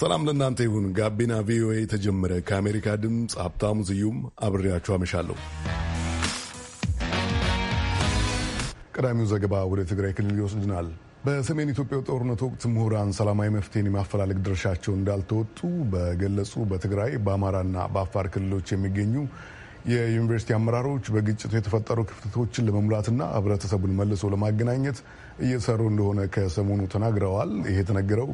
ሰላም ለእናንተ ይሁን። ጋቢና ቪኦኤ ተጀመረ። ከአሜሪካ ድምፅ ሀብታሙ ስዩም አብሬያችሁ አመሻለሁ። ቀዳሚው ዘገባ ወደ ትግራይ ክልል ይወስድናል። በሰሜን ኢትዮጵያ ጦርነት ወቅት ምሁራን ሰላማዊ መፍትሄን የማፈላለግ ድርሻቸው እንዳልተወጡ በገለጹ በትግራይ በአማራና በአፋር ክልሎች የሚገኙ የዩኒቨርሲቲ አመራሮች በግጭቱ የተፈጠሩ ክፍተቶችን ለመሙላትና ህብረተሰቡን መልሶ ለማገናኘት እየሰሩ እንደሆነ ከሰሞኑ ተናግረዋል። ይህ የተነገረው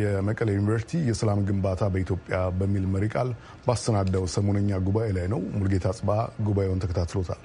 የመቀሌ ዩኒቨርሲቲ የሰላም ግንባታ በኢትዮጵያ በሚል መሪ ቃል ባሰናዳው ሰሞነኛ ጉባኤ ላይ ነው። ሙልጌታ ጽባ ጉባኤውን ተከታትሎታል።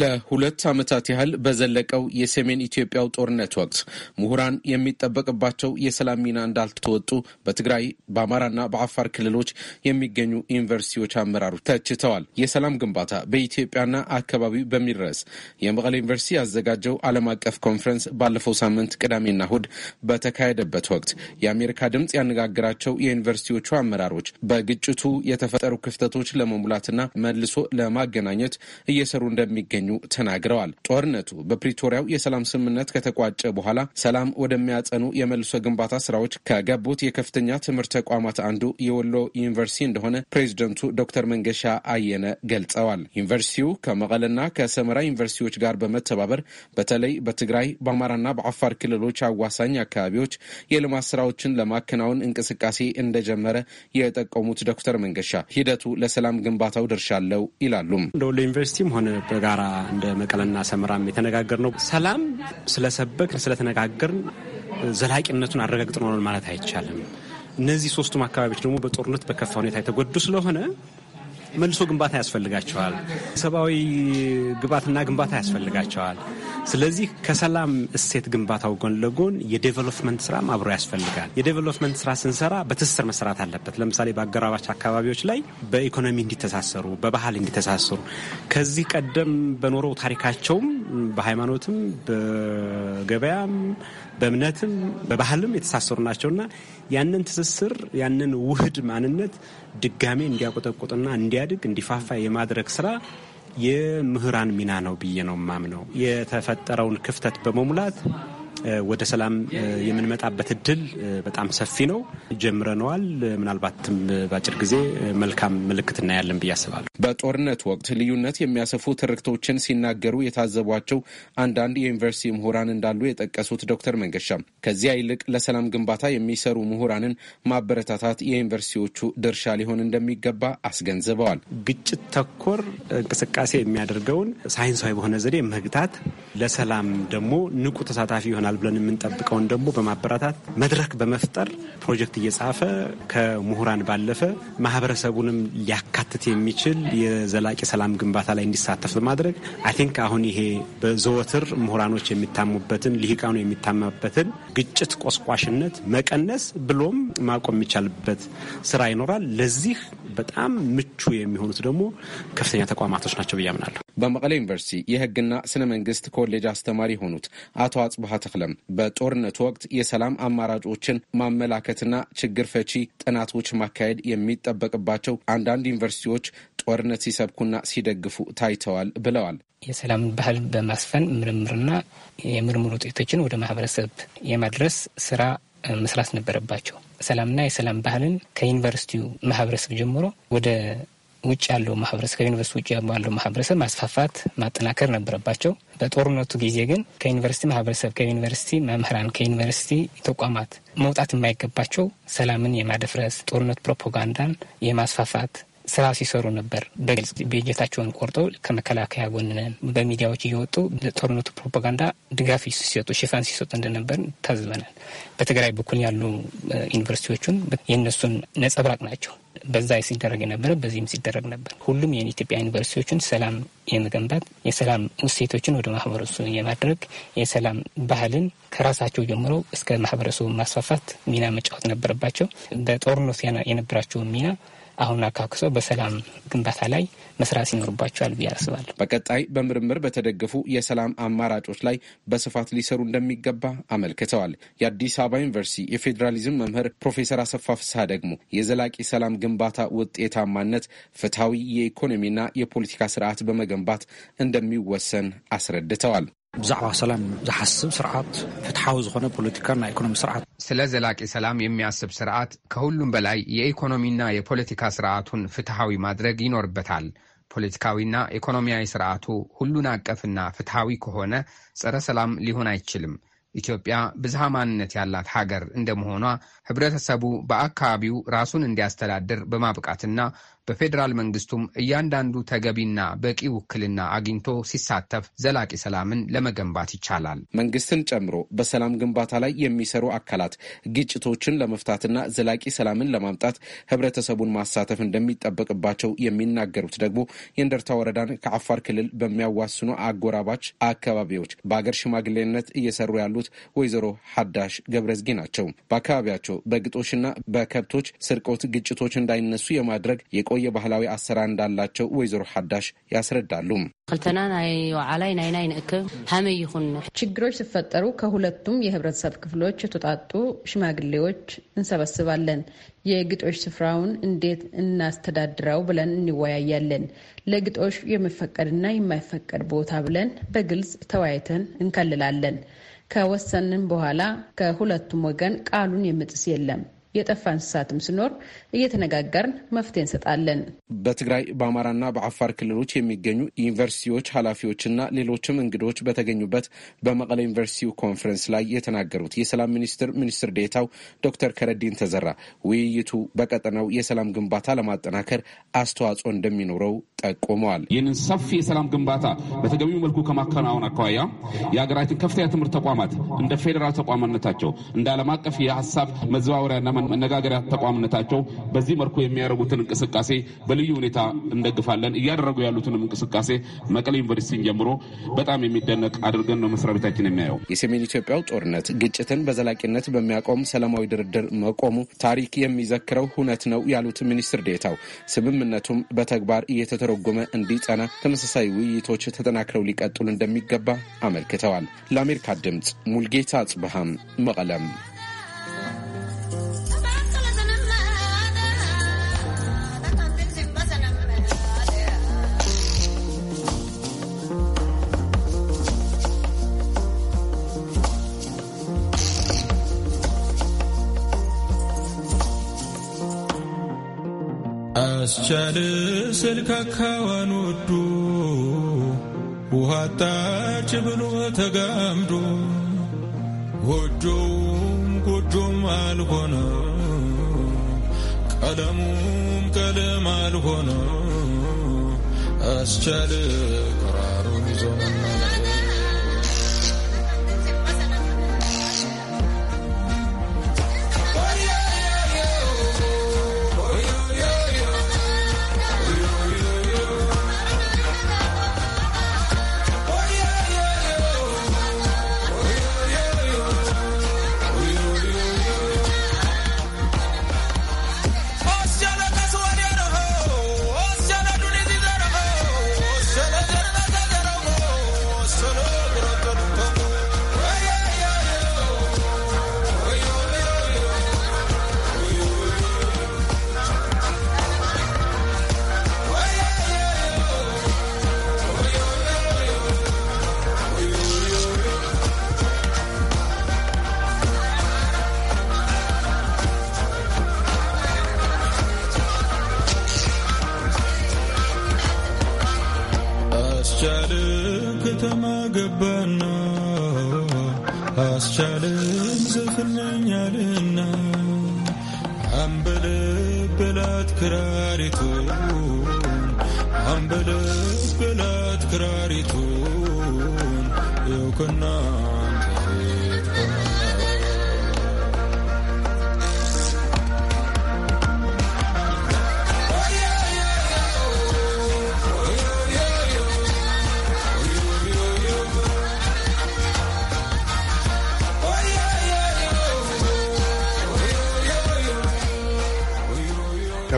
ለሁለት ዓመታት ያህል በዘለቀው የሰሜን ኢትዮጵያው ጦርነት ወቅት ምሁራን የሚጠበቅባቸው የሰላም ሚና እንዳልተወጡ በትግራይ በአማራና በአፋር ክልሎች የሚገኙ ዩኒቨርሲቲዎች አመራሮች ተችተዋል። የሰላም ግንባታ በኢትዮጵያና አካባቢው በሚል ርዕስ የመቀሌ ዩኒቨርሲቲ ያዘጋጀው ዓለም አቀፍ ኮንፈረንስ ባለፈው ሳምንት ቅዳሜና እሁድ በተካሄደበት ወቅት የአሜሪካ ድምፅ ያነጋገራቸው የዩኒቨርሲቲዎቹ አመራሮች በግጭቱ የተፈጠሩ ክፍተቶች ለመሙላትና መልሶ ለማገናኘት እየሰሩ እንደሚገኝ እንደሚገኙ ተናግረዋል። ጦርነቱ በፕሪቶሪያው የሰላም ስምምነት ከተቋጨ በኋላ ሰላም ወደሚያጸኑ የመልሶ ግንባታ ስራዎች ከገቡት የከፍተኛ ትምህርት ተቋማት አንዱ የወሎ ዩኒቨርሲቲ እንደሆነ ፕሬዚደንቱ ዶክተር መንገሻ አየነ ገልጸዋል። ዩኒቨርሲቲው ከመቀለና ከሰመራ ዩኒቨርሲቲዎች ጋር በመተባበር በተለይ በትግራይ በአማራና በአፋር ክልሎች አዋሳኝ አካባቢዎች የልማት ስራዎችን ለማከናወን እንቅስቃሴ እንደጀመረ የጠቀሙት ዶክተር መንገሻ ሂደቱ ለሰላም ግንባታው ድርሻ አለው ይላሉ። እንደ ወሎ ዩኒቨርሲቲም ሆነ በጋራ እንደ መቀለና ሰመራም የተነጋገር ነው። ሰላም ስለሰበክን ስለተነጋገርን ዘላቂነቱን አረጋግጠናል ማለት አይቻልም። እነዚህ ሶስቱም አካባቢዎች ደግሞ በጦርነት በከፋ ሁኔታ የተጎዱ ስለሆነ መልሶ ግንባታ ያስፈልጋቸዋል። ሰብአዊ ግብዓትና ግንባታ ያስፈልጋቸዋል። ስለዚህ ከሰላም እሴት ግንባታው ጎን ለጎን የዴቨሎፕመንት ስራ አብሮ ያስፈልጋል። የዴቨሎፕመንት ስራ ስንሰራ በትስስር መሰራት አለበት። ለምሳሌ በአገራባች አካባቢዎች ላይ በኢኮኖሚ እንዲተሳሰሩ፣ በባህል እንዲተሳሰሩ ከዚህ ቀደም በኖረው ታሪካቸውም በሃይማኖትም በገበያም በእምነትም በባህልም የተሳሰሩ ናቸውና ያንን ትስስር ያንን ውህድ ማንነት ድጋሜ እንዲያቆጠቁጥና እንዲያድግ እንዲፋፋ የማድረግ ስራ የምህራን ሚና ነው ብዬ ነው የማምነው። የተፈጠረውን ክፍተት በመሙላት ወደ ሰላም የምንመጣበት እድል በጣም ሰፊ ነው። ጀምረነዋል። ምናልባትም በአጭር ጊዜ መልካም ምልክት እናያለን ብዬ አስባለሁ። በጦርነት ወቅት ልዩነት የሚያሰፉ ትርክቶችን ሲናገሩ የታዘቧቸው አንዳንድ የዩኒቨርሲቲ ምሁራን እንዳሉ የጠቀሱት ዶክተር መንገሻም ከዚያ ይልቅ ለሰላም ግንባታ የሚሰሩ ምሁራንን ማበረታታት የዩኒቨርሲቲዎቹ ድርሻ ሊሆን እንደሚገባ አስገንዝበዋል። ግጭት ተኮር እንቅስቃሴ የሚያደርገውን ሳይንሳዊ በሆነ ዘዴ መግታት፣ ለሰላም ደግሞ ንቁ ተሳታፊ የሆነ ይሆናል ብለን የምንጠብቀውን ደግሞ በማበረታት መድረክ በመፍጠር ፕሮጀክት እየጻፈ ከምሁራን ባለፈ ማህበረሰቡንም ሊያካትት የሚችል የዘላቂ ሰላም ግንባታ ላይ እንዲሳተፍ በማድረግ አይ ቲንክ አሁን ይሄ በዘወትር ምሁራኖች የሚታሙበትን ልሂቃኑ የሚታማበትን ግጭት ቆስቋሽነት መቀነስ ብሎም ማቆም የሚቻልበት ስራ ይኖራል። ለዚህ በጣም ምቹ የሚሆኑት ደግሞ ከፍተኛ ተቋማቶች ናቸው ብዬ አምናለሁ። በመቀለ ዩኒቨርሲቲ የህግና ስነ መንግስት ኮሌጅ አስተማሪ የሆኑት አቶ አጽብሃ ተክለም በጦርነቱ ወቅት የሰላም አማራጮችን ማመላከትና ችግር ፈቺ ጥናቶች ማካሄድ የሚጠበቅባቸው አንዳንድ ዩኒቨርሲቲዎች ጦርነት ሲሰብኩና ሲደግፉ ታይተዋል ብለዋል። የሰላምን ባህል በማስፈን ምርምርና የምርምር ውጤቶችን ወደ ማህበረሰብ የማድረስ ስራ መስራት ነበረባቸው። ሰላምና የሰላም ባህልን ከዩኒቨርሲቲው ማህበረሰብ ጀምሮ ወደ ውጭ ያለው ማህበረሰብ ከዩኒቨርስቲ ውጭ ያለው ማህበረሰብ ማስፋፋት ማጠናከር ነበረባቸው። በጦርነቱ ጊዜ ግን ከዩኒቨርስቲ ማህበረሰብ፣ ከዩኒቨርስቲ መምህራን፣ ከዩኒቨርስቲ ተቋማት መውጣት የማይገባቸው ሰላምን የማደፍረስ ጦርነት ፕሮፓጋንዳን የማስፋፋት ስራ ሲሰሩ ነበር። በግልጽ በጀታቸውን ቆርጠው ከመከላከያ ጎን በሚዲያዎች እየወጡ ጦርነቱ ፕሮፓጋንዳ ድጋፍ ሲሰጡ ሽፋን ሲሰጡ እንደነበር ታዝበናል። በትግራይ በኩል ያሉ ዩኒቨርሲቲዎቹን የእነሱን ነጸብራቅ ናቸው። በዛ ሲደረግ የነበረ በዚህም ሲደረግ ነበር። ሁሉም የኢትዮጵያ ዩኒቨርሲቲዎችን ሰላም የመገንባት የሰላም እሴቶችን ወደ ማህበረሰቡ የማድረግ የሰላም ባህልን ከራሳቸው ጀምሮ እስከ ማህበረሰቡ ማስፋፋት ሚና መጫወት ነበረባቸው። በጦርነት የነበራቸውን ሚና አሁን አካክሶ በሰላም ግንባታ ላይ መስራት ይኖርባቸዋል ብዬ አስባለሁ። በቀጣይ በምርምር በተደገፉ የሰላም አማራጮች ላይ በስፋት ሊሰሩ እንደሚገባ አመልክተዋል። የአዲስ አበባ ዩኒቨርሲቲ የፌዴራሊዝም መምህር ፕሮፌሰር አሰፋ ፍስሐ ደግሞ የዘላቂ ሰላም ግንባታ ውጤታማነት ፍትሐዊ የኢኮኖሚና የፖለቲካ ስርዓት በመገንባት እንደሚወሰን አስረድተዋል። ብዛዕባ ሰላም ዝሓስብ ስርዓት ፍትሓዊ ዝኾነ ፖለቲካ ናይ ኢኮኖሚ ስርዓት ስለ ዘላቂ ሰላም የሚያስብ ስርዓት ከሁሉም በላይ የኢኮኖሚና የፖለቲካ ስርዓቱን ፍትሐዊ ማድረግ ይኖርበታል። ፖለቲካዊና ኢኮኖሚያዊ ስርዓቱ ሁሉን አቀፍና ፍትሐዊ ከሆነ ጸረ ሰላም ሊሆን አይችልም። ኢትዮጵያ ብዝሃ ማንነት ያላት ሀገር እንደመሆኗ ሕብረተሰቡ በአካባቢው ራሱን እንዲያስተዳድር በማብቃትና በፌዴራል መንግስቱም እያንዳንዱ ተገቢና በቂ ውክልና አግኝቶ ሲሳተፍ ዘላቂ ሰላምን ለመገንባት ይቻላል። መንግስትን ጨምሮ በሰላም ግንባታ ላይ የሚሰሩ አካላት ግጭቶችን ለመፍታትና ዘላቂ ሰላምን ለማምጣት ህብረተሰቡን ማሳተፍ እንደሚጠበቅባቸው የሚናገሩት ደግሞ የእንደርታ ወረዳን ከአፋር ክልል በሚያዋስኑ አጎራባች አካባቢዎች በአገር ሽማግሌነት እየሰሩ ያሉት ወይዘሮ ሀዳሽ ገብረዝጊ ናቸው። በአካባቢያቸው በግጦሽና በከብቶች ስርቆት ግጭቶች እንዳይነሱ የማድረግ የቆ የተለያየ ባህላዊ አሰራር እንዳላቸው ወይዘሮ ሓዳሽ ያስረዳሉ። ክልተና ናይ ዋዕላይ ናይ ናይ ንእክብ ሀመይ ይኹን ችግሮች ሲፈጠሩ ከሁለቱም የህብረተሰብ ክፍሎች የተውጣጡ ሽማግሌዎች እንሰበስባለን። የግጦሽ ስፍራውን እንዴት እናስተዳድረው ብለን እንወያያለን። ለግጦሽ የሚፈቀድና የማይፈቀድ ቦታ ብለን በግልጽ ተወያይተን እንከልላለን። ከወሰንን በኋላ ከሁለቱም ወገን ቃሉን የምጥስ የለም። የጠፋ እንስሳትም ሲኖር እየተነጋገርን መፍትሄ እንሰጣለን። በትግራይ በአማራና በአፋር ክልሎች የሚገኙ ዩኒቨርሲቲዎች ኃላፊዎችና ሌሎችም እንግዶች በተገኙበት በመቀለ ዩኒቨርሲቲው ኮንፈረንስ ላይ የተናገሩት የሰላም ሚኒስትር ሚኒስትር ዴታው ዶክተር ከረዲን ተዘራ ውይይቱ በቀጠናው የሰላም ግንባታ ለማጠናከር አስተዋጽኦ እንደሚኖረው ጠቁመዋል። ይህንን ሰፊ የሰላም ግንባታ በተገቢው መልኩ ከማከናወን አኳያ የሀገራችን ከፍተኛ ትምህርት ተቋማት እንደ ፌዴራል ተቋማነታቸው እንደ ዓለም አቀፍ የሀሳብ መዘዋወሪያና መነጋገሪያ ተቋምነታቸው በዚህ መልኩ የሚያደርጉትን እንቅስቃሴ በልዩ ሁኔታ እንደግፋለን። እያደረጉ ያሉትንም እንቅስቃሴ መቀሌ ዩኒቨርሲቲን ጀምሮ በጣም የሚደነቅ አድርገን ነው መስሪያ ቤታችን የሚያየው። የሰሜን ኢትዮጵያው ጦርነት ግጭትን በዘላቂነት በሚያቆም ሰላማዊ ድርድር መቆሙ ታሪክ የሚዘክረው ሁነት ነው ያሉት ሚኒስትር ዴታው ስምምነቱም በተግባር እየተተረጎመ እንዲጸና ተመሳሳይ ውይይቶች ተጠናክረው ሊቀጥሉ እንደሚገባ አመልክተዋል። ለአሜሪካ ድምፅ ሙልጌታ አጽብሃም መቀለም አስቻል ስልካካዋን ወዶ ውሃ አጣች ብሎ ተጋምዶ ጎጆውም ጎጆም አልሆነ ቀለሙም ቀለም አልሆነ አስቻል ተማገባና አስቻለም ዘፍነኛልና አንበለበላት ክራሪቱ አንበለበላት ክራሪቱን የውቅና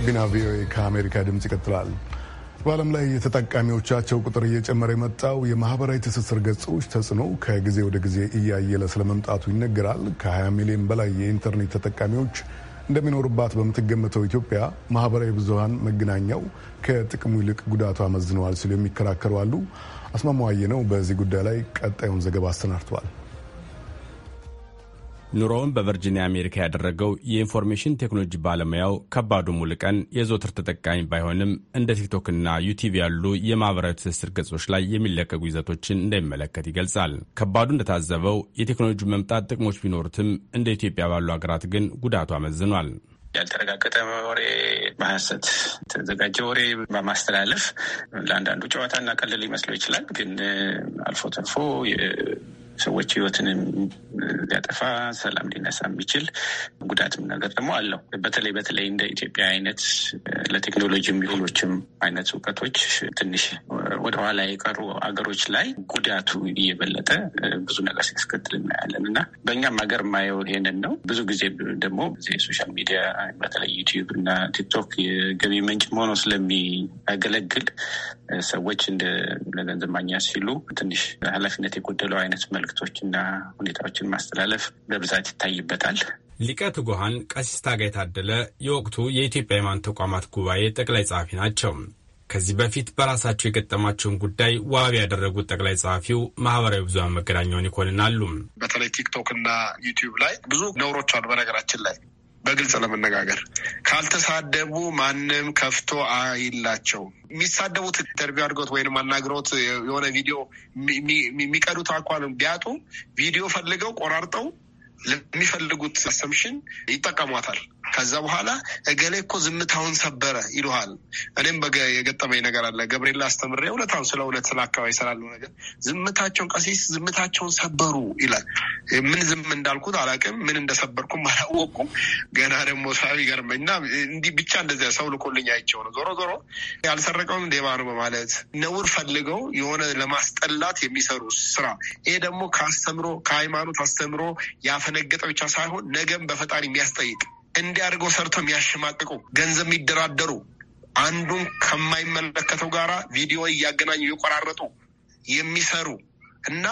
ጋቢና ቪኦኤ ከአሜሪካ ድምፅ ይቀጥላል። በዓለም ላይ የተጠቃሚዎቻቸው ቁጥር እየጨመረ የመጣው የማህበራዊ ትስስር ገጾች ተጽዕኖ ከጊዜ ወደ ጊዜ እያየለ ስለመምጣቱ ይነገራል። ከ20 ሚሊዮን በላይ የኢንተርኔት ተጠቃሚዎች እንደሚኖሩባት በምትገመተው ኢትዮጵያ ማህበራዊ ብዙሀን መገናኛው ከጥቅሙ ይልቅ ጉዳቱ አመዝነዋል ሲሉ የሚከራከሩ አሉ። አስማማዋዬ ነው በዚህ ጉዳይ ላይ ቀጣዩን ዘገባ አሰናድተዋል። ኑሮውን በቨርጂኒያ አሜሪካ ያደረገው የኢንፎርሜሽን ቴክኖሎጂ ባለሙያው ከባዱ ሙልቀን የዘወትር ተጠቃሚ ባይሆንም እንደ ቲክቶክና ዩቲዩብ ያሉ የማህበራዊ ትስስር ገጾች ላይ የሚለቀቁ ይዘቶችን እንደሚመለከት ይገልጻል። ከባዱ እንደታዘበው የቴክኖሎጂ መምጣት ጥቅሞች ቢኖሩትም እንደ ኢትዮጵያ ባሉ ሀገራት ግን ጉዳቱ አመዝኗል። ያልተረጋገጠ ወሬ በሀሰት የተዘጋጀ ወሬ በማስተላለፍ ለአንዳንዱ ጨዋታና ቀልል ሊመስለው ይችላል። ግን አልፎ ተርፎ ሰዎች ህይወትንም ሊያጠፋ ሰላም ሊነሳ የሚችል ጉዳትም ነገር ደግሞ አለው። በተለይ በተለይ እንደ ኢትዮጵያ አይነት ለቴክኖሎጂ የሚሆኖችም አይነት እውቀቶች ትንሽ ወደኋላ የቀሩ አገሮች ላይ ጉዳቱ እየበለጠ ብዙ ነገር ሲያስከትል እናያለን እና በእኛም ሀገር ማየው ይሄንን ነው። ብዙ ጊዜ ደግሞ የሶሻል ሚዲያ በተለይ ዩቲዩብ እና ቲክቶክ የገቢ ምንጭ ሆኖ ስለሚያገለግል ሰዎች እንደ ለገንዘብ ማግኛ ሲሉ ትንሽ ኃላፊነት የጎደለው አይነት መልእክቶችና ሁኔታዎችን ማስተላለፍ በብዛት ይታይበታል። ሊቀ ትጉሃን ቀሲስ ታጋይ የታደለ የወቅቱ የኢትዮጵያ ሃይማኖት ተቋማት ጉባኤ ጠቅላይ ጸሐፊ ናቸው። ከዚህ በፊት በራሳቸው የገጠማቸውን ጉዳይ ዋቢ ያደረጉት ጠቅላይ ጸሐፊው ማህበራዊ ብዙሃን መገናኛውን ይኮንናሉ። በተለይ ቲክቶክ እና ዩቲዩብ ላይ ብዙ ነውሮች አሉ። በነገራችን ላይ በግልጽ ለመነጋገር ካልተሳደቡ ማንም ከፍቶ አይላቸውም። የሚሳደቡት ኢንተርቪው አድርገውት ወይም አናግረውት የሆነ ቪዲዮ የሚቀዱት አኳን ቢያጡ ቪዲዮ ፈልገው ቆራርጠው ለሚፈልጉት አሰምሽን ይጠቀሟታል። ከዛ በኋላ እገሌ እኮ ዝምታውን ሰበረ ይሉሃል። እኔም የገጠመኝ ነገር አለ። ገብርኤል አስተምሬ እውነታውን ስለ እውነት ስለ አካባቢ ስላሉ ነገር ዝምታቸውን ቀሲስ ዝምታቸውን ሰበሩ ይላል። ምን ዝም እንዳልኩት አላውቅም፣ ምን እንደሰበርኩም አላወቅኩም። ገና ደግሞ ሳቢ ገርመኝ እና እንዲህ ብቻ እንደዚያ ሰው ልኮልኝ አይቼው ነው። ዞሮ ዞሮ ያልሰረቀውን ሌባ ነው በማለት ነውር ፈልገው የሆነ ለማስጠላት የሚሰሩ ስራ። ይሄ ደግሞ ከአስተምሮ ከሃይማኖት አስተምሮ ያፈነገጠ ብቻ ሳይሆን ነገም በፈጣሪ የሚያስጠይቅ እንዲያደርገው ሰርተው የሚያሸማቅቁ ገንዘብ የሚደራደሩ አንዱን ከማይመለከተው ጋር ቪዲዮ እያገናኙ የቆራረጡ የሚሰሩ እና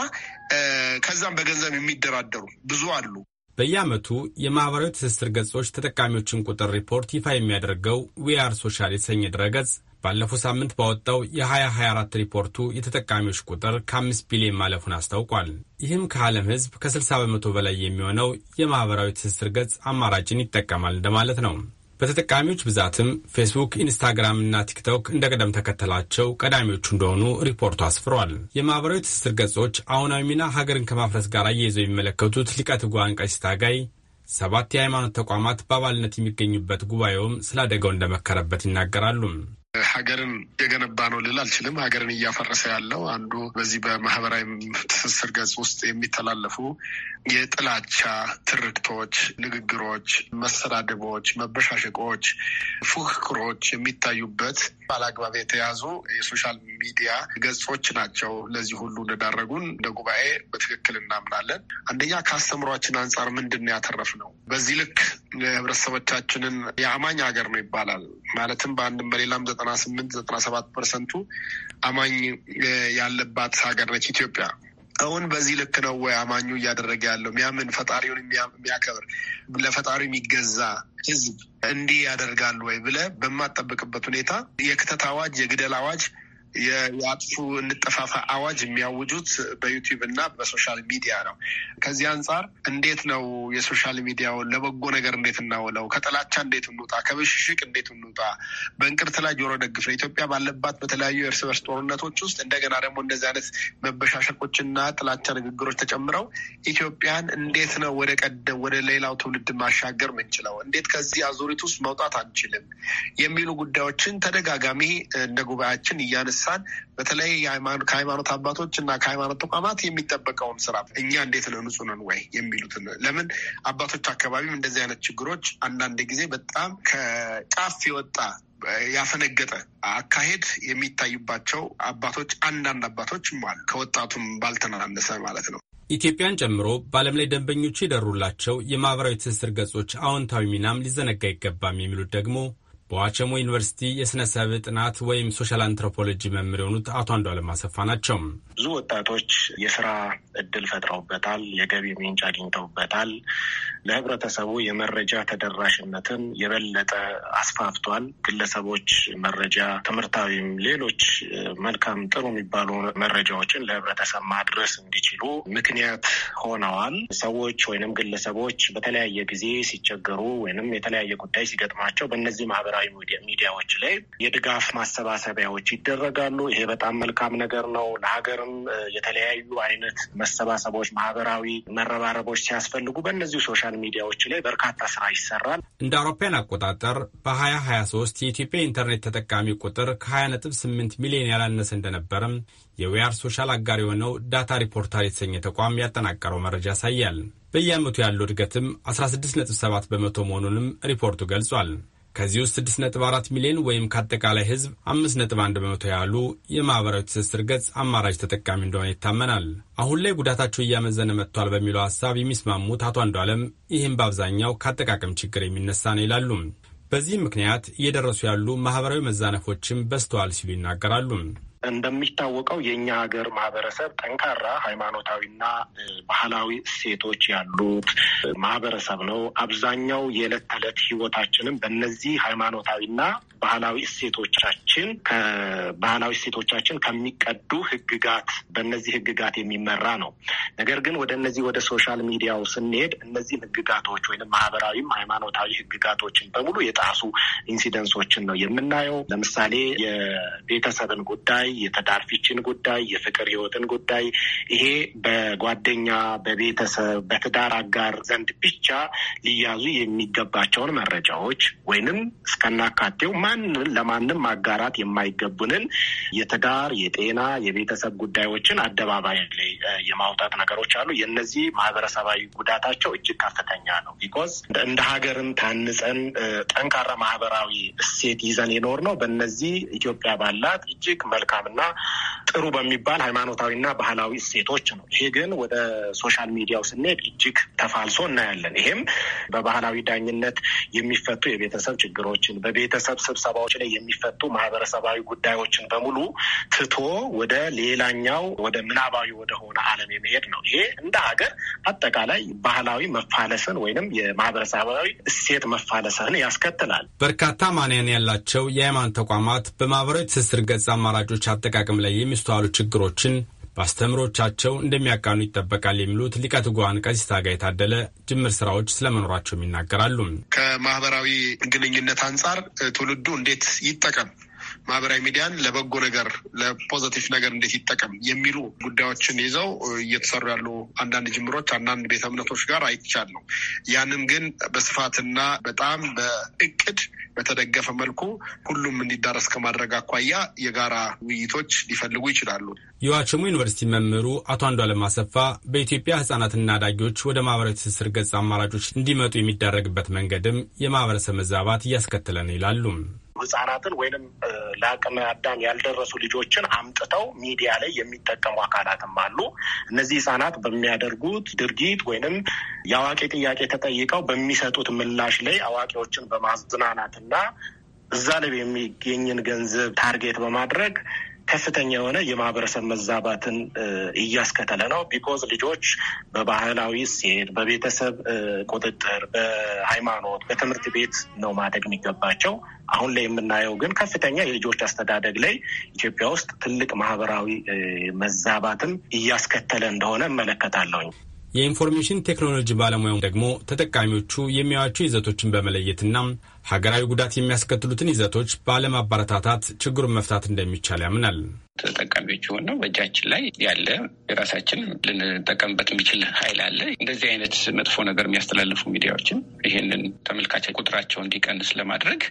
ከዛም በገንዘብ የሚደራደሩ ብዙ አሉ። በየዓመቱ የማህበራዊ ትስስር ገጾች ተጠቃሚዎችን ቁጥር ሪፖርት ይፋ የሚያደርገው ዊአር ሶሻል የተሰኘ ድረገጽ ባለፈው ሳምንት ባወጣው የ2024 ሪፖርቱ የተጠቃሚዎች ቁጥር ከ5 ቢሊዮን ማለፉን አስታውቋል። ይህም ከዓለም ሕዝብ ከ60 በመቶ በላይ የሚሆነው የማኅበራዊ ትስስር ገጽ አማራጭን ይጠቀማል እንደማለት ነው። በተጠቃሚዎች ብዛትም ፌስቡክ፣ ኢንስታግራም እና ቲክቶክ እንደ ቅደም ተከተላቸው ቀዳሚዎቹ እንደሆኑ ሪፖርቱ አስፍሯል። የማኅበራዊ ትስስር ገጾች አሁናዊ ሚና ሀገርን ከማፍረስ ጋር እየይዘው የሚመለከቱት ሊቀ ትጉሃን ቀሲስ ታጋይ ሰባት የሃይማኖት ተቋማት በአባልነት የሚገኙበት ጉባኤውም ስለ አደጋው እንደመከረበት ይናገራሉ። ሀገርን የገነባ ነው ልል አልችልም። ሀገርን እያፈረሰ ያለው አንዱ በዚህ በማህበራዊ ትስስር ገጽ ውስጥ የሚተላለፉ የጥላቻ ትርክቶች፣ ንግግሮች፣ መሰዳደቦች፣ መበሻሸቆች፣ ፉክክሮች የሚታዩበት ባላግባብ የተያዙ የሶሻል ሚዲያ ገጾች ናቸው። ለዚህ ሁሉ እንደዳረጉን እንደ ጉባኤ በትክክል እናምናለን። አንደኛ ከአስተምሯችን አንጻር ምንድን ነው በዚህ ልክ ህብረተሰቦቻችንን የአማኝ ሀገር ነው ይባላል። ማለትም በአንድም በሌላም ዘጠና ዘጠና ስምንት ዘጠና ሰባት ፐርሰንቱ አማኝ ያለባት ሀገር ነች ኢትዮጵያ። አሁን በዚህ ልክ ነው ወይ አማኙ እያደረገ ያለው ሚያምን ፈጣሪውን የሚያከብር ለፈጣሪው የሚገዛ ህዝብ እንዲህ ያደርጋሉ ወይ ብለ በማጠብቅበት ሁኔታ የክተት አዋጅ የግደል አዋጅ የአጥፉ እንጠፋፋ አዋጅ የሚያውጁት በዩቲዩብ እና በሶሻል ሚዲያ ነው። ከዚህ አንጻር እንዴት ነው የሶሻል ሚዲያውን ለበጎ ነገር እንዴት እናውለው? ከጥላቻ እንዴት እንውጣ? ከብሽሽቅ እንዴት እንውጣ? በእንቅርት ላይ ጆሮ ደግፍ ነው። ኢትዮጵያ ባለባት በተለያዩ የእርስ በርስ ጦርነቶች ውስጥ እንደገና ደግሞ እንደዚህ አይነት መበሻሸቆችና ጥላቻ ንግግሮች ተጨምረው ኢትዮጵያን እንዴት ነው ወደ ቀደም ወደ ሌላው ትውልድ ማሻገር ምንችለው? እንዴት ከዚህ አዙሪት ውስጥ መውጣት አንችልም? የሚሉ ጉዳዮችን ተደጋጋሚ እንደ ጉባኤያችን እያነ ልሳን በተለይ ከሃይማኖት አባቶች እና ከሃይማኖት ተቋማት የሚጠበቀውን ስራ እኛ እንዴት ለንጹህ ነን ወይ የሚሉትን ለምን አባቶች አካባቢም እንደዚህ አይነት ችግሮች አንዳንድ ጊዜ በጣም ከጫፍ የወጣ ያፈነገጠ አካሄድ የሚታዩባቸው አባቶች አንዳንድ አባቶች አሉ። ከወጣቱም ባልተናነሰ ማለት ነው። ኢትዮጵያን ጨምሮ በዓለም ላይ ደንበኞቹ የደሩላቸው የማህበራዊ ትስስር ገጾች አዎንታዊ ሚናም ሊዘነጋ አይገባም የሚሉት ደግሞ በዋቸሞ ዩኒቨርሲቲ የሥነ ሰብ ጥናት ወይም ሶሻል አንትሮፖሎጂ መምህር የሆኑት አቶ አንዷለም አሰፋ ናቸው። ብዙ ወጣቶች የስራ እድል ፈጥረውበታል፣ የገቢ ምንጭ አግኝተውበታል። ለህብረተሰቡ የመረጃ ተደራሽነትን የበለጠ አስፋፍቷል። ግለሰቦች መረጃ ትምህርታዊም፣ ሌሎች መልካም ጥሩ የሚባሉ መረጃዎችን ለህብረተሰብ ማድረስ እንዲችሉ ምክንያት ሆነዋል። ሰዎች ወይንም ግለሰቦች በተለያየ ጊዜ ሲቸገሩ ወይንም የተለያየ ጉዳይ ሲገጥማቸው በእነዚህ ማህበራ ማህበራዊ ሚዲያዎች ላይ የድጋፍ ማሰባሰቢያዎች ይደረጋሉ። ይሄ በጣም መልካም ነገር ነው። ለሀገርም የተለያዩ አይነት መሰባሰቦች፣ ማህበራዊ መረባረቦች ሲያስፈልጉ በእነዚሁ ሶሻል ሚዲያዎች ላይ በርካታ ስራ ይሰራል። እንደ አውሮፓውያን አቆጣጠር በ2023 የኢትዮጵያ ኢንተርኔት ተጠቃሚ ቁጥር ከ20.8 ሚሊዮን ያላነሰ እንደነበርም የዌያር ሶሻል አጋር የሆነው ዳታ ሪፖርተር የተሰኘ ተቋም ያጠናቀረው መረጃ ያሳያል። በየዓመቱ ያለው እድገትም 16.7 በመቶ መሆኑንም ሪፖርቱ ገልጿል። ከዚህ ውስጥ 6.4 ሚሊዮን ወይም ከአጠቃላይ ህዝብ 5.1 በመቶ ያሉ የማህበራዊ ትስስር ገጽ አማራጭ ተጠቃሚ እንደሆነ ይታመናል። አሁን ላይ ጉዳታቸው እያመዘነ መጥቷል በሚለው ሀሳብ የሚስማሙት አቶ አንዱ ዓለም ይህም በአብዛኛው ከአጠቃቀም ችግር የሚነሳ ነው ይላሉ። በዚህም ምክንያት እየደረሱ ያሉ ማህበራዊ መዛነፎችም በስተዋል ሲሉ ይናገራሉ። እንደሚታወቀው የእኛ ሀገር ማህበረሰብ ጠንካራ ሃይማኖታዊና ባህላዊ እሴቶች ያሉት ማህበረሰብ ነው። አብዛኛው የዕለት ተዕለት ህይወታችንም በእነዚህ ሃይማኖታዊና ባህላዊ እሴቶቻችን ከባህላዊ እሴቶቻችን ከሚቀዱ ህግጋት በእነዚህ ህግጋት የሚመራ ነው። ነገር ግን ወደ እነዚህ ወደ ሶሻል ሚዲያው ስንሄድ እነዚህን ህግጋቶች ወይም ማህበራዊም ሃይማኖታዊ ህግጋቶችን በሙሉ የጣሱ ኢንሲደንሶችን ነው የምናየው። ለምሳሌ የቤተሰብን ጉዳይ ጉዳይ፣ የትዳር ፍቺን ጉዳይ፣ የፍቅር ህይወትን ጉዳይ ይሄ በጓደኛ በቤተሰብ በትዳር አጋር ዘንድ ብቻ ሊያዙ የሚገባቸውን መረጃዎች ወይንም እስከናካቴው ማንን ለማንም ማጋራት የማይገቡንን የትዳር የጤና የቤተሰብ ጉዳዮችን አደባባይ ላይ የማውጣት ነገሮች አሉ። የነዚህ ማህበረሰባዊ ጉዳታቸው እጅግ ከፍተኛ ነው። ቢኮዝ እንደ ሀገርም ታንጸን ጠንካራ ማህበራዊ እሴት ይዘን የኖር ነው። በነዚህ ኢትዮጵያ ባላት እጅግ መልካ ሀሳብና ጥሩ በሚባል ሃይማኖታዊና ባህላዊ እሴቶች ነው። ይሄ ግን ወደ ሶሻል ሚዲያው ስንሄድ እጅግ ተፋልሶ እናያለን። ይሄም በባህላዊ ዳኝነት የሚፈቱ የቤተሰብ ችግሮችን፣ በቤተሰብ ስብሰባዎች ላይ የሚፈቱ ማህበረሰባዊ ጉዳዮችን በሙሉ ትቶ ወደ ሌላኛው ወደ ምናባዊ ወደሆነ ዓለም የመሄድ ነው። ይሄ እንደ ሀገር አጠቃላይ ባህላዊ መፋለስን ወይንም የማህበረሰባዊ እሴት መፋለስን ያስከትላል። በርካታ ማንያን ያላቸው የሃይማኖት ተቋማት በማህበራዊ ትስስር ገጽ አማራጮች አጠቃቀም ላይ የሚስተዋሉ ችግሮችን በአስተምሮቻቸው እንደሚያቃኑ ይጠበቃል የሚሉት ሊቀ ትጉሃን ቀሲስ የታደለ ጅምር ስራዎች ስለመኖራቸውም ይናገራሉ። ከማህበራዊ ግንኙነት አንጻር ትውልዱ እንዴት ይጠቀም ማህበራዊ ሚዲያን ለበጎ ነገር ለፖዘቲቭ ነገር እንዴት ይጠቀም የሚሉ ጉዳዮችን ይዘው እየተሰሩ ያሉ አንዳንድ ጅምሮች አንዳንድ ቤተ እምነቶች ጋር ነው። ያንን ግን በስፋትና በጣም በእቅድ በተደገፈ መልኩ ሁሉም እንዲዳረስ ከማድረግ አኳያ የጋራ ውይይቶች ሊፈልጉ ይችላሉ። የዋቸሞ ዩኒቨርሲቲ መምህሩ አቶ አንዷለም አሰፋ በኢትዮጵያ ህጻናትና አዳጊዎች ወደ ማህበራዊ ትስስር ገጽ አማራጮች እንዲመጡ የሚደረግበት መንገድም የማህበረሰብ መዛባት እያስከተለ ነው ይላሉም። ህጻናትን ወይንም ለአቅመ አዳም ያልደረሱ ልጆችን አምጥተው ሚዲያ ላይ የሚጠቀሙ አካላትም አሉ። እነዚህ ህጻናት በሚያደርጉት ድርጊት ወይንም የአዋቂ ጥያቄ ተጠይቀው በሚሰጡት ምላሽ ላይ አዋቂዎችን በማዝናናትና እዛ ላይ የሚገኝን ገንዘብ ታርጌት በማድረግ ከፍተኛ የሆነ የማህበረሰብ መዛባትን እያስከተለ ነው። ቢኮዝ ልጆች በባህላዊ እሴት በቤተሰብ ቁጥጥር፣ በሃይማኖት፣ በትምህርት ቤት ነው ማደግ የሚገባቸው። አሁን ላይ የምናየው ግን ከፍተኛ የልጆች አስተዳደግ ላይ ኢትዮጵያ ውስጥ ትልቅ ማህበራዊ መዛባትን እያስከተለ እንደሆነ እመለከታለሁኝ። የኢንፎርሜሽን ቴክኖሎጂ ባለሙያው ደግሞ ተጠቃሚዎቹ የሚያዩዋቸው ይዘቶችን በመለየትና ሀገራዊ ጉዳት የሚያስከትሉትን ይዘቶች ባለማበረታታት ችግሩን መፍታት እንደሚቻል ያምናል። ተጠቃሚዎች የሆነው በእጃችን ላይ ያለ የራሳችን ልንጠቀምበት የሚችል ኃይል አለ። እንደዚህ አይነት መጥፎ ነገር የሚያስተላልፉ ሚዲያዎችን ይህንን ተመልካች ቁጥራቸው እንዲቀንስ ለማድረግ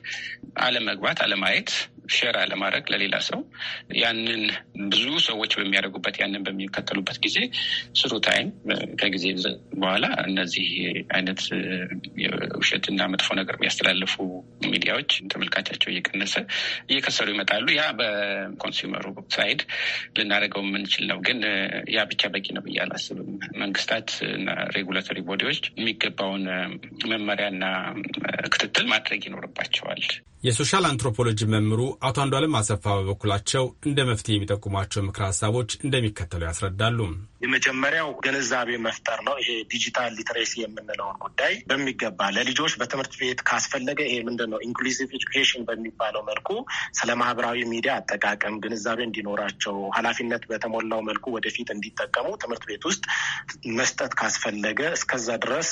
አለመግባት፣ አለማየት ሼር አለማድረግ ለሌላ ሰው ያንን ብዙ ሰዎች በሚያደርጉበት ያንን በሚከተሉበት ጊዜ ስሩ ታይም ከጊዜ በኋላ እነዚህ አይነት ውሸትና መጥፎ ነገር የሚያስተላልፉ ሚዲያዎች ተመልካቻቸው እየቀነሰ እየከሰሩ ይመጣሉ። ያ በኮንሱመሩ ሳይድ ልናደርገው የምንችል ነው። ግን ያ ብቻ በቂ ነው ብዬ አላስብም። መንግስታት እና ሬጉላቶሪ ቦዲዎች የሚገባውን መመሪያና ክትትል ማድረግ ይኖርባቸዋል። የሶሻል አንትሮፖሎጂ መምህሩ አቶ አንዷለም አሰፋ በበኩላቸው እንደ መፍትሄ የሚጠቁሟቸው ምክረ ሀሳቦች እንደሚከተሉ ያስረዳሉ። የመጀመሪያው ግንዛቤ መፍጠር ነው። ይሄ ዲጂታል ሊትሬሲ የምንለውን ጉዳይ በሚገባ ለልጆች በትምህርት ቤት ካስፈለገ ይሄ ምንድን ነው ኢንክሉሲቭ ኤጁኬሽን በሚባለው መልኩ ስለ ማህበራዊ ሚዲያ አጠቃቀም ግንዛቤ እንዲኖራቸው፣ ኃላፊነት በተሞላው መልኩ ወደፊት እንዲጠቀሙ ትምህርት ቤት ውስጥ መስጠት ካስፈለገ እስከዛ ድረስ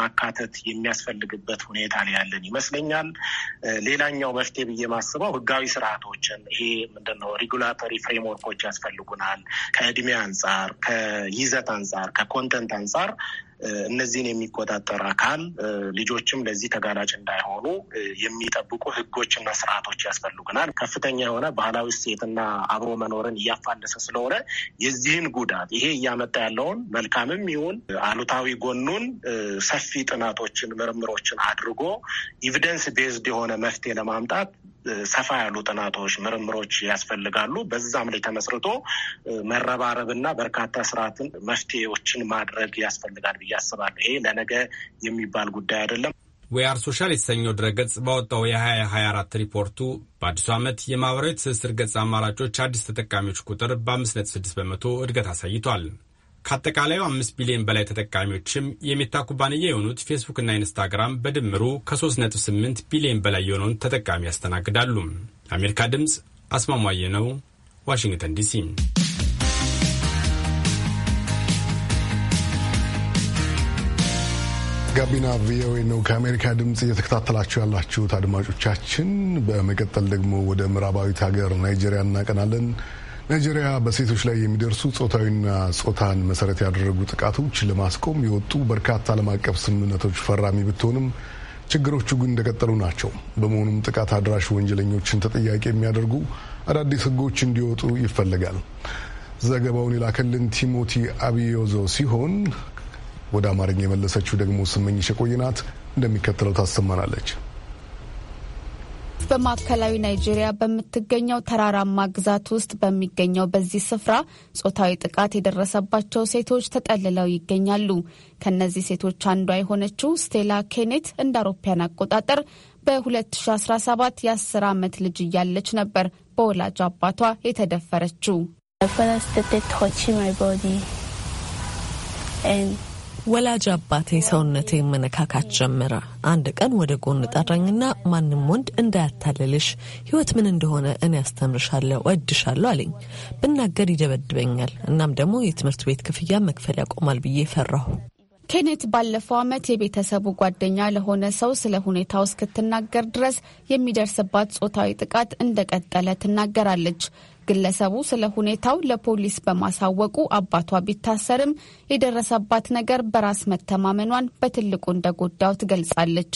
ማካተት የሚያስፈልግበት ሁኔታ ያለን ይመስለኛል። ሌላ ሌላኛው መፍትሄ ብዬ ማስበው ህጋዊ ስርዓቶችን ይሄ ምንድነው ሪጉላቶሪ ፍሬምወርኮች ያስፈልጉናል። ከእድሜ አንጻር፣ ከይዘት አንጻር፣ ከኮንተንት አንጻር እነዚህን የሚቆጣጠር አካል ልጆችም ለዚህ ተጋላጭ እንዳይሆኑ የሚጠብቁ ህጎችና ስርዓቶች ያስፈልጉናል። ከፍተኛ የሆነ ባህላዊ እሴትና አብሮ መኖርን እያፋለሰ ስለሆነ የዚህን ጉዳት ይሄ እያመጣ ያለውን መልካምም ይሁን አሉታዊ ጎኑን ሰፊ ጥናቶችን፣ ምርምሮችን አድርጎ ኢቪደንስ ቤዝድ የሆነ መፍትሄ ለማምጣት ሰፋ ያሉ ጥናቶች፣ ምርምሮች ያስፈልጋሉ። በዛም ላይ ተመስርቶ መረባረብና በርካታ ስርዓትን መፍትሄዎችን ማድረግ ያስፈልጋል ብዬ አስባለሁ። ይሄ ለነገ የሚባል ጉዳይ አይደለም። ወይ ሶሻል የተሰኘው ድረገጽ ባወጣው የ2024 ሪፖርቱ በአዲሱ ዓመት የማህበራዊ ትስስር ገጽ አማራጮች አዲስ ተጠቃሚዎች ቁጥር በ5.6 በመቶ እድገት አሳይቷል። ከአጠቃላዩ አምስት ቢሊዮን በላይ ተጠቃሚዎችም የሜታ ኩባንያ የሆኑት ፌስቡክና ኢንስታግራም በድምሩ ከ3.8 ቢሊዮን በላይ የሆነውን ተጠቃሚ ያስተናግዳሉ። የአሜሪካ ድምፅ አስማማየ ነው፣ ዋሽንግተን ዲሲ። ጋቢና ቪኦኤ ነው ከአሜሪካ ድምፅ እየተከታተላችሁ ያላችሁት አድማጮቻችን። በመቀጠል ደግሞ ወደ ምዕራባዊት ሀገር ናይጄሪያ እናቀናለን። ናይጄሪያ በሴቶች ላይ የሚደርሱ ጾታዊና ጾታን መሰረት ያደረጉ ጥቃቶች ለማስቆም የወጡ በርካታ ዓለም አቀፍ ስምምነቶች ፈራሚ ብትሆንም ችግሮቹ ግን እንደቀጠሉ ናቸው። በመሆኑም ጥቃት አድራሽ ወንጀለኞችን ተጠያቂ የሚያደርጉ አዳዲስ ሕጎች እንዲወጡ ይፈለጋል። ዘገባውን የላከልን ቲሞቲ አብዮዞ ሲሆን ወደ አማርኛ የመለሰችው ደግሞ ስመኝሽ የቆየናት እንደሚከተለው ታሰማናለች። በማዕከላዊ ናይጄሪያ በምትገኘው ተራራማ ግዛት ውስጥ በሚገኘው በዚህ ስፍራ ጾታዊ ጥቃት የደረሰባቸው ሴቶች ተጠልለው ይገኛሉ። ከነዚህ ሴቶች አንዷ የሆነችው ስቴላ ኬኔት እንደ አውሮፓያን አቆጣጠር በ2017 የ10 ዓመት ልጅ እያለች ነበር በወላጅ አባቷ የተደፈረችው። ወላጅ አባቴ ሰውነቴ መነካካት ጀመረ። አንድ ቀን ወደ ጎን ጠረኝና ማንም ወንድ እንዳያታልልሽ፣ ህይወት ምን እንደሆነ እኔ ያስተምርሻለሁ፣ እወድሻለሁ አለኝ። ብናገር ይደበድበኛል። እናም ደግሞ የትምህርት ቤት ክፍያ መክፈል ያቆማል ብዬ ፈራሁ። ኬኔት ባለፈው ዓመት የቤተሰቡ ጓደኛ ለሆነ ሰው ስለ ሁኔታው እስክትናገር ድረስ የሚደርስባት ጾታዊ ጥቃት እንደቀጠለ ትናገራለች። ግለሰቡ ስለ ሁኔታው ለፖሊስ በማሳወቁ አባቷ ቢታሰርም የደረሰባት ነገር በራስ መተማመኗን በትልቁ እንደጎዳው ትገልጻለች።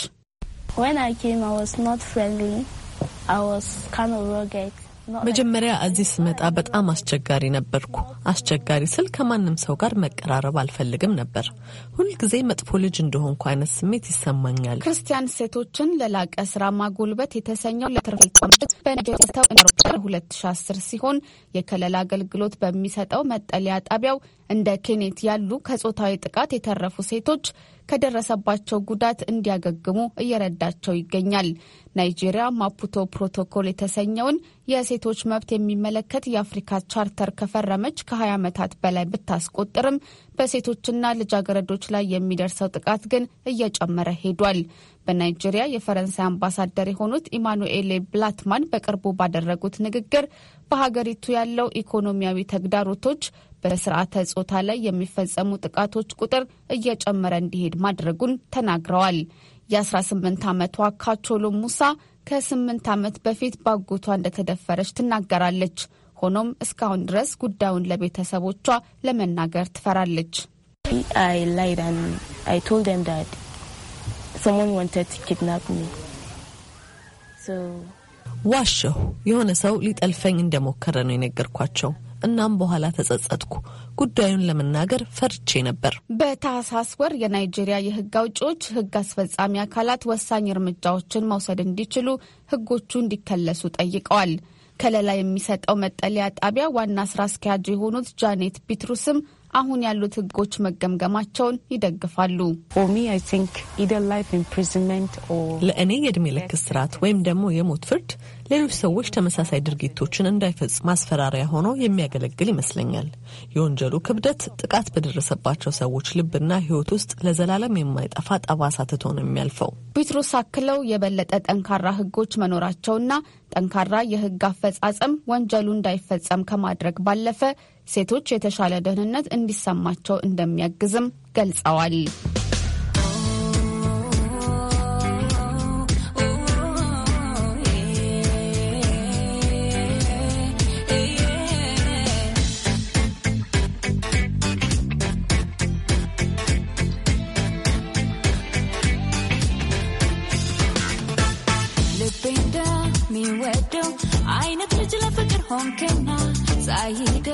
መጀመሪያ እዚህ ስመጣ በጣም አስቸጋሪ ነበርኩ። አስቸጋሪ ስል ከማንም ሰው ጋር መቀራረብ አልፈልግም ነበር። ሁልጊዜ መጥፎ ልጅ እንደሆንኩ አይነት ስሜት ይሰማኛል። ክርስቲያን ሴቶችን ለላቀ ስራ ማጎልበት የተሰኘው ለትርፍልጦች በነጀተው 2010 ሲሆን የከለላ አገልግሎት በሚሰጠው መጠለያ ጣቢያው እንደ ኬኔት ያሉ ከጾታዊ ጥቃት የተረፉ ሴቶች ከደረሰባቸው ጉዳት እንዲያገግሙ እየረዳቸው ይገኛል። ናይጄሪያ ማፑቶ ፕሮቶኮል የተሰኘውን የሴቶች መብት የሚመለከት የአፍሪካ ቻርተር ከፈረመች ከ20 ዓመታት በላይ ብታስቆጥርም በሴቶችና ልጃገረዶች ላይ የሚደርሰው ጥቃት ግን እየጨመረ ሄዷል። በናይጄሪያ የፈረንሳይ አምባሳደር የሆኑት ኢማኑኤሌ ብላትማን በቅርቡ ባደረጉት ንግግር በሀገሪቱ ያለው ኢኮኖሚያዊ ተግዳሮቶች በስርዓተ ጾታ ላይ የሚፈጸሙ ጥቃቶች ቁጥር እየጨመረ እንዲሄድ ማድረጉን ተናግረዋል። የ18 ዓመቷ ካቾሎ ሙሳ ከ ከ8 ዓመት በፊት ባጎቷ እንደተደፈረች ትናገራለች። ሆኖም እስካሁን ድረስ ጉዳዩን ለቤተሰቦቿ ለመናገር ትፈራለች። ዋሸሁ። የሆነ ሰው ሊጠልፈኝ እንደሞከረ ነው የነገርኳቸው። እናም በኋላ ተጸጸትኩ። ጉዳዩን ለመናገር ፈርቼ ነበር። በታህሳስ ወር የናይጄሪያ የህግ አውጪዎች ህግ አስፈጻሚ አካላት ወሳኝ እርምጃዎችን መውሰድ እንዲችሉ ህጎቹ እንዲከለሱ ጠይቀዋል። ከለላ የሚሰጠው መጠለያ ጣቢያ ዋና ስራ አስኪያጅ የሆኑት ጃኔት ፒትሩስም አሁን ያሉት ህጎች መገምገማቸውን ይደግፋሉ። ለእኔ የእድሜ ልክ እስራት ወይም ደግሞ የሞት ፍርድ ሌሎች ሰዎች ተመሳሳይ ድርጊቶችን እንዳይፈጽ ማስፈራሪያ ሆኖ የሚያገለግል ይመስለኛል። የወንጀሉ ክብደት ጥቃት በደረሰባቸው ሰዎች ልብና ሕይወት ውስጥ ለዘላለም የማይጠፋ ጠባሳ ትቶ ነው የሚያልፈው። ቢትሮስ አክለው የበለጠ ጠንካራ ሕጎች መኖራቸውና ጠንካራ የሕግ አፈጻጸም ወንጀሉ እንዳይፈጸም ከማድረግ ባለፈ ሴቶች የተሻለ ደህንነት እንዲሰማቸው እንደሚያግዝም ገልጸዋል። I light.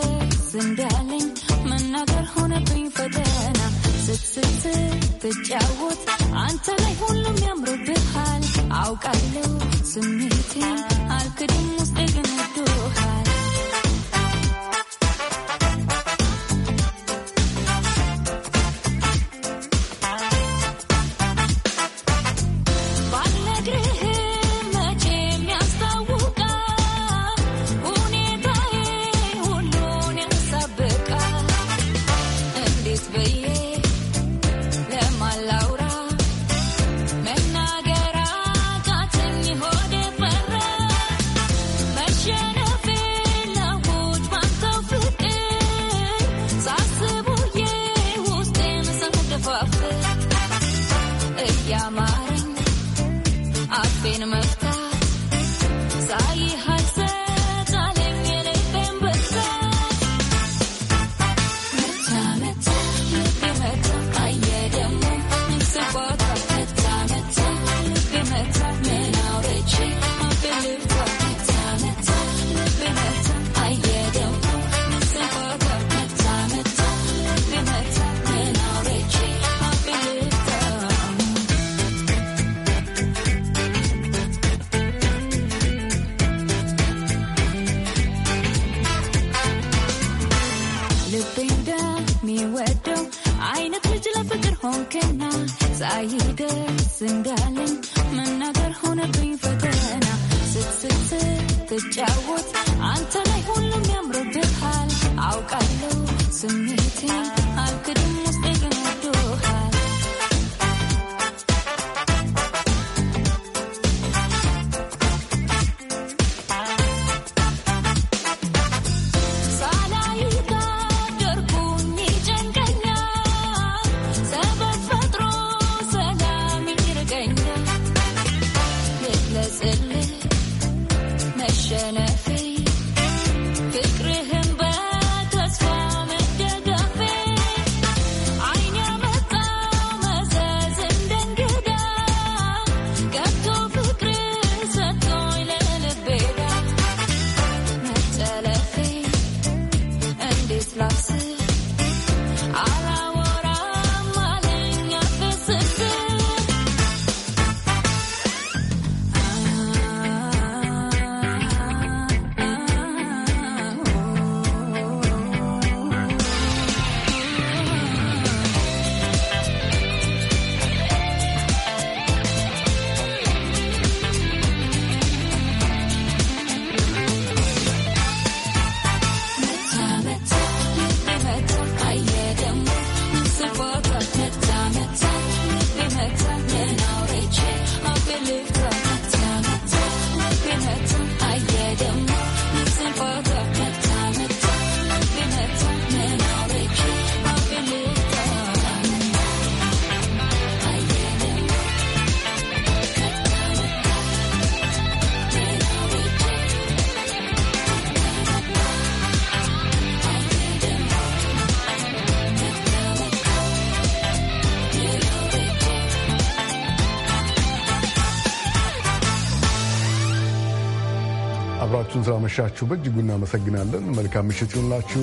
ስላመሻችሁ በእጅጉ እናመሰግናለን። መልካም ምሽት ይሁንላችሁ።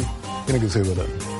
የነገ ሰው ይበላል